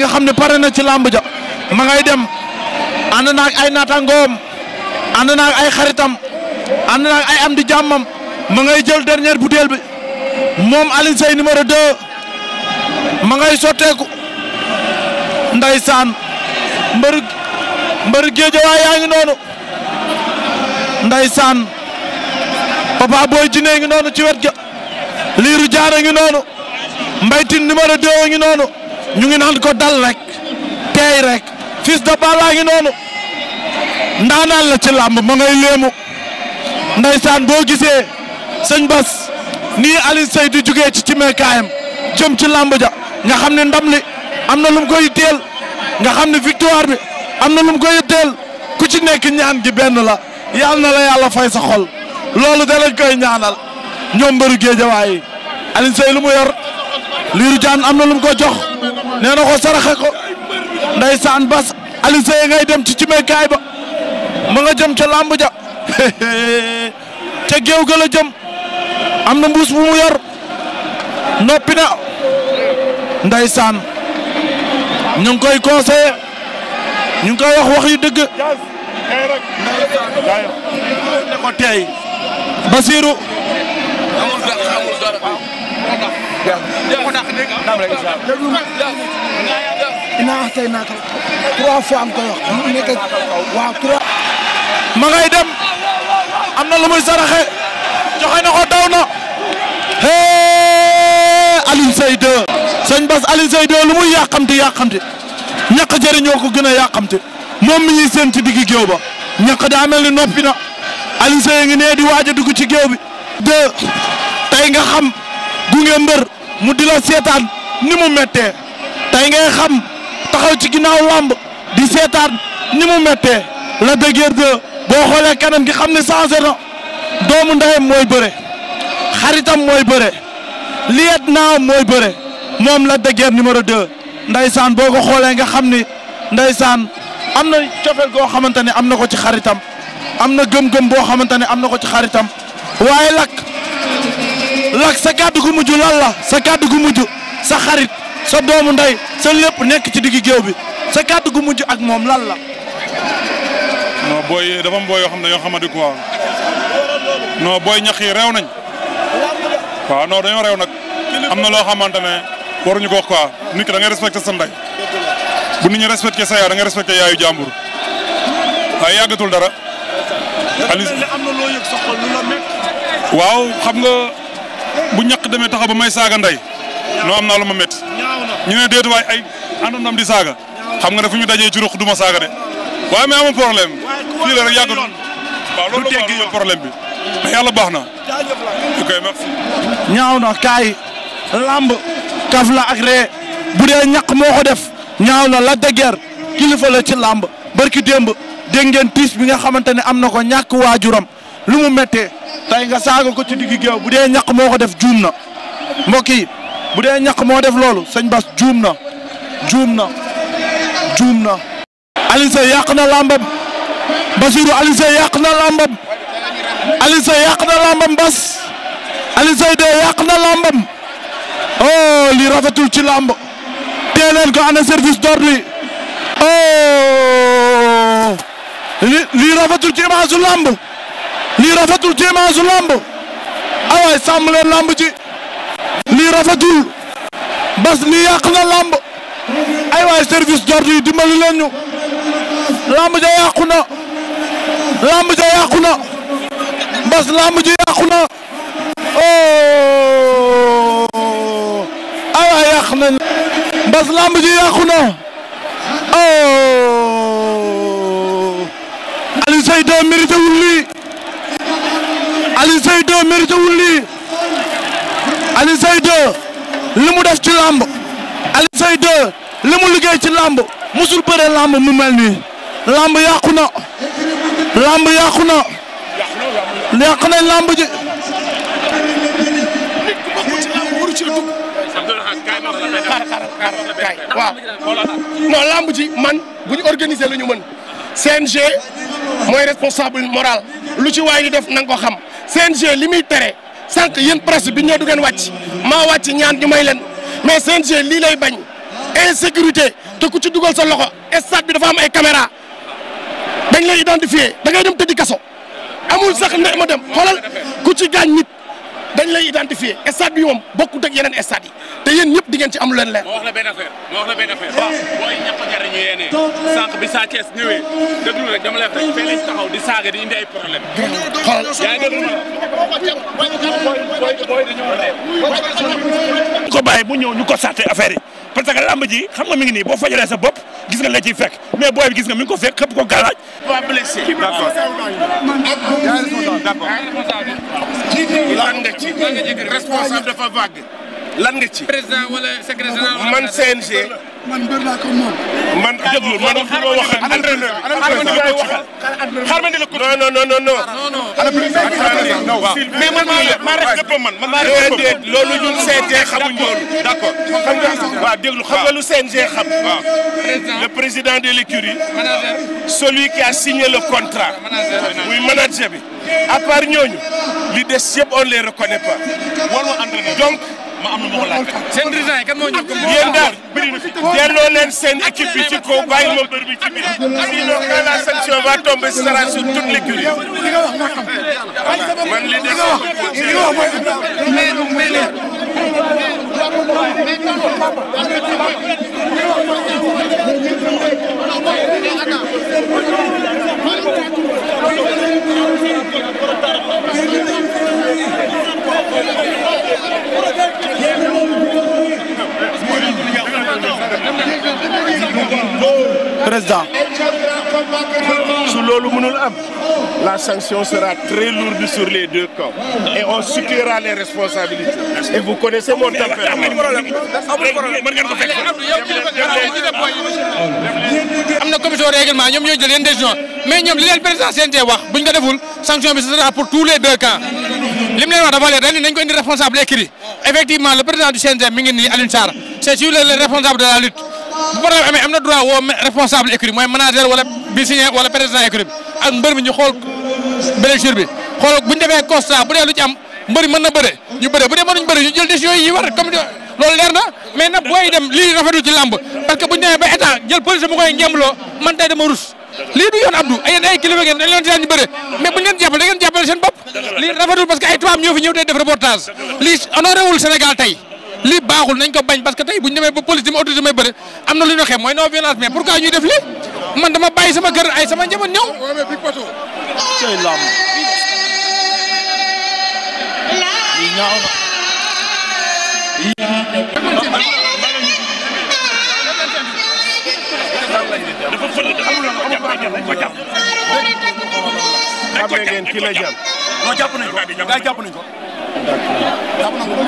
nga xam ne pare na ci làmb ja ma ngay dem ànd ay naataangoom ànd naag ay xaritam ànd ay am di jàmmam ma ngay jël dernière bouteille bi moom Alioune Seye numéro 2 ma ngay sotteeku ndeysaan mbër mbër géejawaay yaa ngi noonu ndeysaan Papa Boy ngi noonu ci wet ga liiru jaara ngi noonu mbaytin numéro 2 ngi noonu ñu ngi naan ko dal rek teey rek Fils de Balla ngi noonu ndaanaan la ci làmb ma ngay léemu ndaysaan boo gisee sëñ Bas nii Alioune Seye di jugee ci cimekaayam jëm ci làmb ja nga xam ne ndam li am na lu mu koy teel nga xam ne victoire bi am na lum ko koy teel ku ci nekk ñaan gi benn la yàlla na la yàlla fay sa xol loolu danañ koy ñaanal ñoom mbëru géejawaay yi Alioune Seye lu yor Lirou Diane am na lu mu ko jox nee na ko saraxe ko bas Aliou ngay dem ci cimekaay ba ma nga jëm ca làmb ja ca géew ga la jëm am na mbuus bu mu yor noppi na ndeysaan ñu ngi koy conseillé ñu ngi wax wax yu dëgg ne ko tey amul dara koy wax. waaw ma ngay dem. am na la muy saraxe. joxe na ko daw na. Alioune Seye 2. sëñ Bas Alioune Seye lu muy yàqamti yàqamti. ñàkk jëriñoo ko gën a yàqamti. moom mi ñuy séen ci digg géew ba. ñàkk daa mel ni noppi na. Alioune Seye ngi nee di waaj a dugg ci géew bi. 2. tey nga xam gunge mbër mu di la seetaan ni mu méttee tey ngay xam taxaw ci ginnaaw làmb di seetaan ni mu méttee la dëgër de boo xoolee kanam gi xam ne changé na doomu ndeyam mooy bëre xaritam mooy bëre liet naa mooy bëre moom la dëgër numéro 2 ndaysaan boo ko xoolee nga xam ni ndaysaan am na cofeel goo xamante ne am na ko ci xaritam am na gëm-gëm boo xamante ne am na ko ci xaritam waaye lakk lak sa kàddu gu mujj lan la sa kàddu gu mujj sa xarit sa doomu nday sa lépp nekk ci digg géew bi sa kàddu gu mujj ak moom lan la. booy dafa am yoo xam ne yoo xamante quoi booy ñax yi réew nañ waaw noo dañoo réew nag am na loo xamante ne waruñu ko wax quoi nit ki da ngay sa ndey bu nit ñi respecté sa yaay da ngay respecté yaayu jàmbur waaye yàggatul dara. waaw xam nga. bu ñàkk demee taxaw ba may saaga nday noo am na lu ma métti ñu ne déet waay ay àndandoom di saaga xam nga ne ñu dajee ci ruq du ma saaga de waaye mais amul problème fii la rek yàgg waaw loolu la bi mais yàlla baax na. ok merci. ñaaw na kaay lamb kaf la ak bu dee ñaq moo ko def ñaaw na la dëgër kilifa la ci lamb barki démb dégg tiis bi nga xamante ne am na ko ñàkk waajuram lu mu méttee tey nga saaga ko ci digg géew bu dee ñaq moo ko def juum na mbokk yi bu dee ñaq moo def loolu sëñ Bas juum na juum na juum na. Alioune Seye yàq na làmbam Basirou Alioune Seye yàq na làmbam Alioune Seye yàq na làmbam Bas Alioune Seye de yàq na làmbam oh lii rafetul ci làmb tee leen ko ana service d'ordre yi oh lii rafetul ci image su làmb. lii rafetul jéemaasu lamb awaay sàmm leen lamb ji lii rafetul bas lii yàq na lamb ay waay service d'ordre yi dimbali leen ñu lamb ja yàqu na lamb ja yàqu na bas lamb ji yàqu na oh ay waay yàq nañ bas lamb ji yàqu na oh Alioune Seye de mérité wul Seye 2 mu def ci làmb Alioune Seye 2 li mu liggéey ci làmb musul bëre làmb mu mel nii làmb yàqu làmb yàqu na yàq làmb ji man bu organise organiser lu ñu mën CNG mooy responsable moral lu ci waay di def na ko xam CNG li muy tere sànq yéen presse bi ñoo du ngeen wàcc maa wàcc ñaan ñu may leen mais CNG lii lay bañ sécurité te ku ci dugal sa loxo stade bi dafa am ay caméra dañ lay identifier da ngay dem tëddi kaso amul sax ne ma dem xoolal ku ci gaañ nit dañ lay identifier stade bi moom ak yeneen stade yi te yéen ñëpp di ngeen ci am lu leen leer. moo wax la benn affaire moo wax la benn affaire waaw booy ñàkk a ñu yéenee sànq bi Sa Thiès ñëwee déglu rek dama lay wax rek fee lañ di saaga di indi problème xoolal yaa ko bàyyi bu ñëw ñu ko constaté affaire yi. parce que lamb ji xam nga mi ngi nii boo fajalee sa bopp gis nga la ciy fekk mais booy bi gis nga mi ngi ko fekk xëpp ko galaaj. lan nga ci responsable dafa vague lan nga ci. président wala man CNG. man mbër laa ko moom. man déglu man loo waxal entraîneur. xaaral ma ni la ko non waaw mais man maa rek dëpp man man maa rek dëpp loolu ñun CNG xamuñ d'accord xam nga waaw déglu xam nga lu CNG le président de l'écurie celui qui a signé le contrat muy manager bi à part ñooñu li des yëpp on les reconnaît pas donc ma am lu ma ko laaj. seen dirigeant yi kan moo ñëw ko moo yéen daal bëri na fi delloo leen seen équipe bi ci kaw bàyyi ma mbër bi ci biir. sinon quand la sanction va tomber ce sera sur toute l'écurie. man li des mais président su loolu mënul am la sanction sera très lourde sur les deux camps et on situera les responsabilités et vous connaissez mon tempérament am na commission règlement ñoom ñoo jël yenn décision mais ñoom li leen président CNT wax buñ ko deful sanction bi sera pour tous les deux camps li leen wax dafa leer dañ nañ ko indi responsable écrit effectivement le président du CNG mi ngi nii Alioune Sarr c'est sur responsable de la lutte bu problème amee am na droit woo responsable écrit mooy manager wala business wala président écrit mbër mi ñu xool blessure bi xool bu ñu defee constat bu dee lu am mbër mën na bëre ñu bëre bu dee mënuñ bëre ñu jël décision yi war comme loolu leer na mais nag bu ñu demee ba état jël police mu koy lii du yoon Abdou ay ay kilifa ngeen dañ leen di daan ñu bëre mais bu ñu leen jàppale da ngeen jàppale seen bopp lii rafetul parce que ay tubaab ñëw def reportage lii honoré wul Sénégal tey lii baaxul nañ ko bañ parce que tey bu ñu demee ba police di ma autorité may bëre am na lu ñu xeeb mooy non violence mais pourquoi ñuy def lii man dama bàyyi sama kër ay sama njaboot ñëw. waaw dafa fële te amul woon amul woon dañ ko jàpp. dañ ko jàpp ngeen kii lay jàpp. non jàpp nañ ko gars jàpp nañ ko. jàpp nañ ko.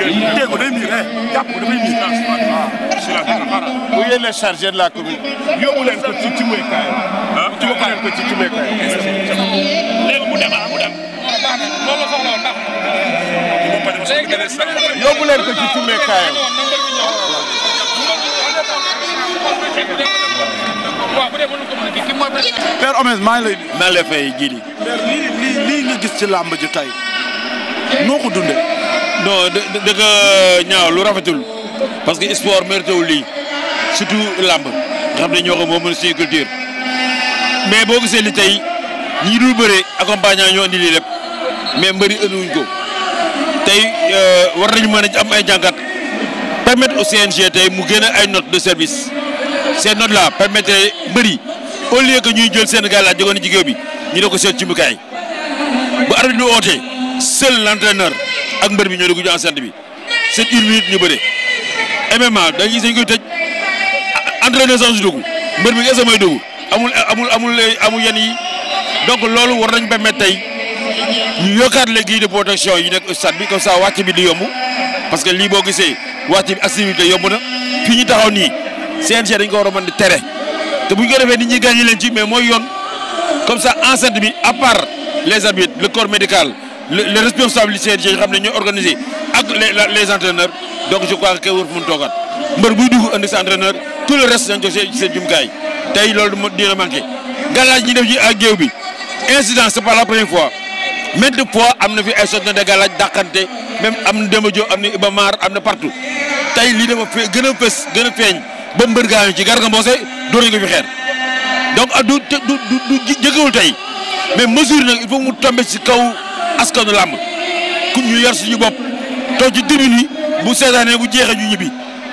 dégg nga day miir eh. jàpp ko dafay miir. waaw. bu yéene chargé de la commune. yóbbu leen ko ci Cimekaay. ah yóbbu leen ko ci Cimekaay. léegi mu dem ah mu dem. loolu soxla woon ndax. yóbbu leen ko ci Cimekaay. Père Omès ngi lay. maa ngi lay fay ji lii nga gis ci làmb ji tey noo ko dundee. non dëgg ñaaw lu rafetul parce que sport mérité wu lii surtout làmb nga xam ne ñoo ko moom suñu culture mais boo gisee li tey ñii dul bëree accompagnant ñoo indi lii mais mbëri ënduwuñ ko tey euh, war nañu mën am ay jàngat permettre au CNG tey mu génne ay notes de service. ces notes la permettait mbër yi au lieu que ñuy jël seen gàllaaj jógoon ci bi ñu ne ko seen cumbukaay bu arbitre bi ootee seul l'entraîneur ak mbër bi ñoo dugg bi c'est une ñu bëre MMA da gis dañ koy tëj entraîneur sans dugg mbër bi est-ce que mooy amul amul amul amul yenn yi donc loolu war nañ permettre tey ñu yokkaat les grilles de protection yi nekk stade bi comme ça wàcc bi di yomb parce que lii boo gisee wàcc bi activité yomb na fi ñu taxaw nii CNG dañ ko war a mën di tere te bu ñu ko defee nit ñi gàññi leen ci mais mooy yoon comme ça enceinte bi à part les arbitres le corps médical les responsables du CNG yi xam ne ñooy organisé ak les entraîneurs donc je crois que kay war mën toogaat mbër buy dugg indi sa entraîneur tout le reste seen jumkaay tey loolu dina manqué galaaj ñi def ci ak géew bi incident c'est pas la première fois maintes fois am na fi ay sot na de galaaj dàqante même am na Demba Diop am na Iba Mar am na a ba mbër gaañu ci Garga Mbossé door nañ ko fi xeer donc ah du du du jëkkewul tey mais mesure nag il faut mu tombe ci kaw askanu làmb ku ñu yar suñu bopp toog ci tribune yi bu seetaanee bu jeexee ñu ñibbi.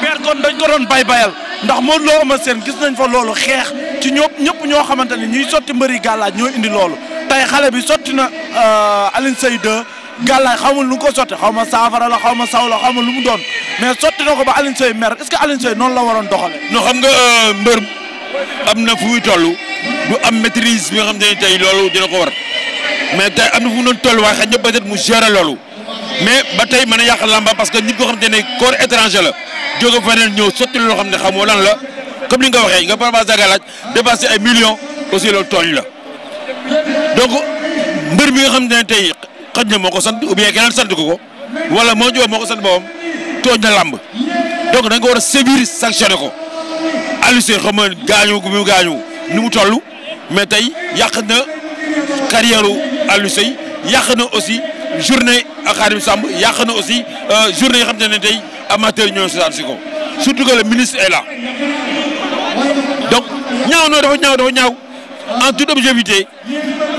mais kon dañ ko doon bay bayal ndax Modou Lo Eumeu seen gis nañ fa loolu xeex ci ñëpp ñëpp ñoo xamante ne ñuy sotti mbëri gàllaaj ñoo indi loolu tey xale bi sotti na euh, Alioune Seye 2 gàllaay xamul lu ko sotti xaw ma saafara la xaw ma saw la xaw lu mu doon mais sotti na ko ba Alioune Seye mer est-ce que Alioune Seye noonu la waroon doxale no xam nga euh, mbër am na fu muy toll du am maitrise bi nga xam te ne tey loolu dina ko war mais te am na fu mu doon toll waaye xëy mu gérer loolu mais ba tey mën a yàq lamba parce que nit koo xam te ne corps étranger la jóge feneen ñëw sotti loo xam ne xamoo lan la comme ni nga waxee nga parfois saga laaj dépassé ay millions aussi loolu tooñ la donc mbër bi nga xam te ne tey xëj na moo ko sant ou bien keneen sant ko ko wala moo ñëwoon moo ko sant boppam tooñ na làmb donc dañ war a sévir sanctionné ko Aliou Seye xam nga gaañu gu mu gaañu ni mu toll mais tey yàq na carrière Aliou Seye yàq na aussi journée ak Khadim Samb yàq na aussi euh, journée yi xam te ne tey amateur ñoo seetaan si ko surtout que le ministre est là donc ñaaw na dafa ñaaw dafa ñaaw en toute objectivité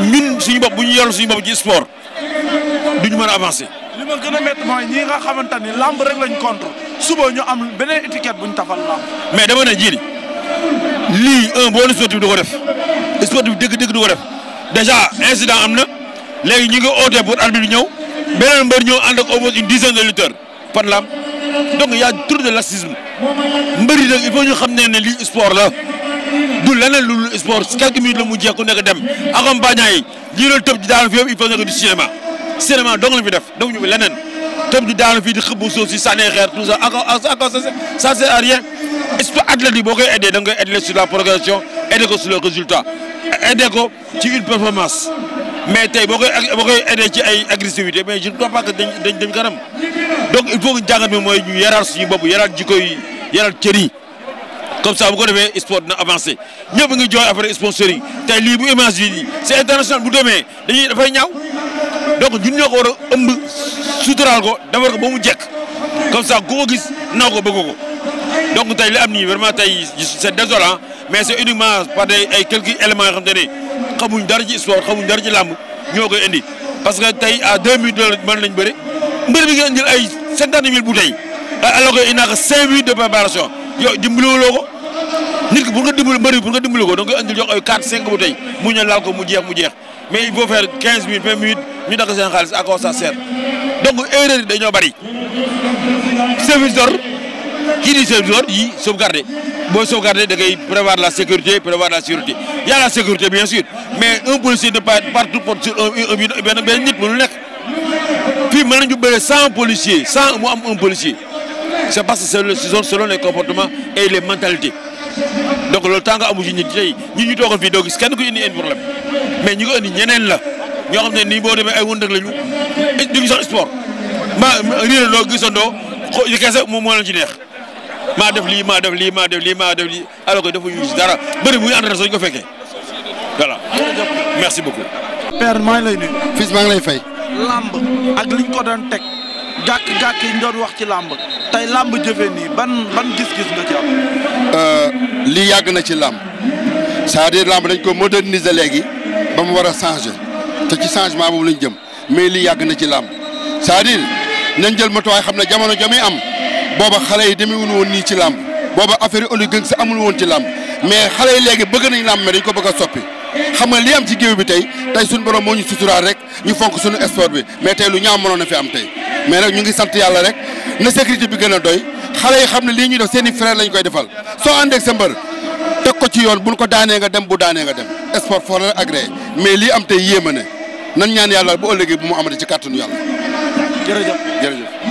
ñun suñu bopp bu ñu yor suñu bopp ci sport mën a avancer. li ma mooy ñi nga xamante ni lamb rek lañ contre suba ñu am beneen étiquette buñ tafal lamb. mais dama ne jiili lii un bon sportif du ko def sportif dëgg-dëgg du def déjà incident am na léegi ñu ngi oote pour arbitre bi ñëw beneen mbër ñëw ànd ak au moins une dizaine de lutteurs par lamb donc y a trop de laxisme mbër yi nag il faut ñu xam ne ne sport la. du leneen lu sport quelques minutes la mu jeex ku nekk dem accompagnant yi lii doon tëb di daal fi il cinéma dong lañ fi def defuñu fi leneen tëb di daanu fii di xëbbu suuf si xeer tout ça encore ça sert à rien surtout boo koy aidé da nga koy aidé sur la progression aidé ko sur le résultat aidé ko ci une performance mais tey boo koy boo koy aidé ci ay agressivité mais je ne crois pas que dañ dañ dañ kanam donc il faut que jàngat mooy yaraat suñu bopp yaraat jikko yaraat cër comme ça bu ko defee sport dina avancé ñëpp ngi jooy affaire sponsoring tey lii bu image bi nii c'est donc ñun ko war a ëmb suturaal ko defar ko ba mu jekk comme ça ku ko gis na ko ba ko donc tey li am nii vraiment tey c'est désolant mais c'est uniquement par des ay quelques éléments yoo xam te ne xamuñ dara ci sport xamuñ dara ci làmb ñoo koy indi parce que tey à deux mille dollars man nañ bëri mbër bi nga indil ay cinquante mille bouteilles ah, alors que il n'a que cinq minutes de préparation yow dimbalewuloo ko nit ki pour nga dimbali mbër ko donc nga indil jox ay quatre mu mu jeex mais il faut faire quinze minutes vingt minutes ñu dagg seen xaalis à quoi ça sert donc erreur yi dañoo bari service d'ordre kii di service yi sauvegarder booy sauvegarder da ngay prévoir la sécurité prévoir la sécurité y a la sécurité bien sûr mais un policier ne peut pas être partout pour sur un benn benn nit mënul nekk fii mën nañu bëre cent policiers cent mu am un policier c'est parce que c'est le selon les comportements et les mentalités donc loolu tant nga amu ci tey ñu toogoon fii mais ñi ko indi ñeneen la ñoo xam ne ni boo demee ay wëndëg lañu duñu sax sport maa riirandoo gisandoo xo yi kese moom moo leen ci neex maa def lii maa def lii maa def lii maa def lii alors que dafa ñu ci dara bëri bu ñu ànd ko fekkee voilà merci beaucoup. père maa ngi lay nuyu. fils maa ngi lay làmb ak liñ ko daan teg gàkk gàkk yi doon wax ci làmb tey làmb jëfee nii ban ban gis-gis nga ci am. Euh, lii yàgg na ci làmb c'est-à-dire làmb dañ ko moderniser léegi. ba war a changé te ci changement boobu lañ jëm mais lii yàgg na ci làmb saa à nañ jël matuwaay xam ne jamono ja muy am booba xale yi demewul woon nii ci làmb booba affaire yi gën sa amul woon ci làmb mais xale yi léegi bëgg nañu làmb mais dañ ko bëgg a soppi xam nga li am ci géew bi tey tey suñu borom moo ñu suturaal rek ñu fonk suñu sport bi mais tey lu ñaaw mënoon na fi am tey mais nag ñu ngi sant yàlla rek na sécurité bi gën a doy xale yi xam ne lii ñuy def seen i frère lañ koy defal soo àndeeg sa mbër teg ko ci yoon buñ ko daanee nga dem bu daanee nga dem sport fort la mais lii am tey yéema ne nan ñaan yàlla boo ëllëgee bu mu amati ci kàttanu yàlla. jërëjëf jërëjëf.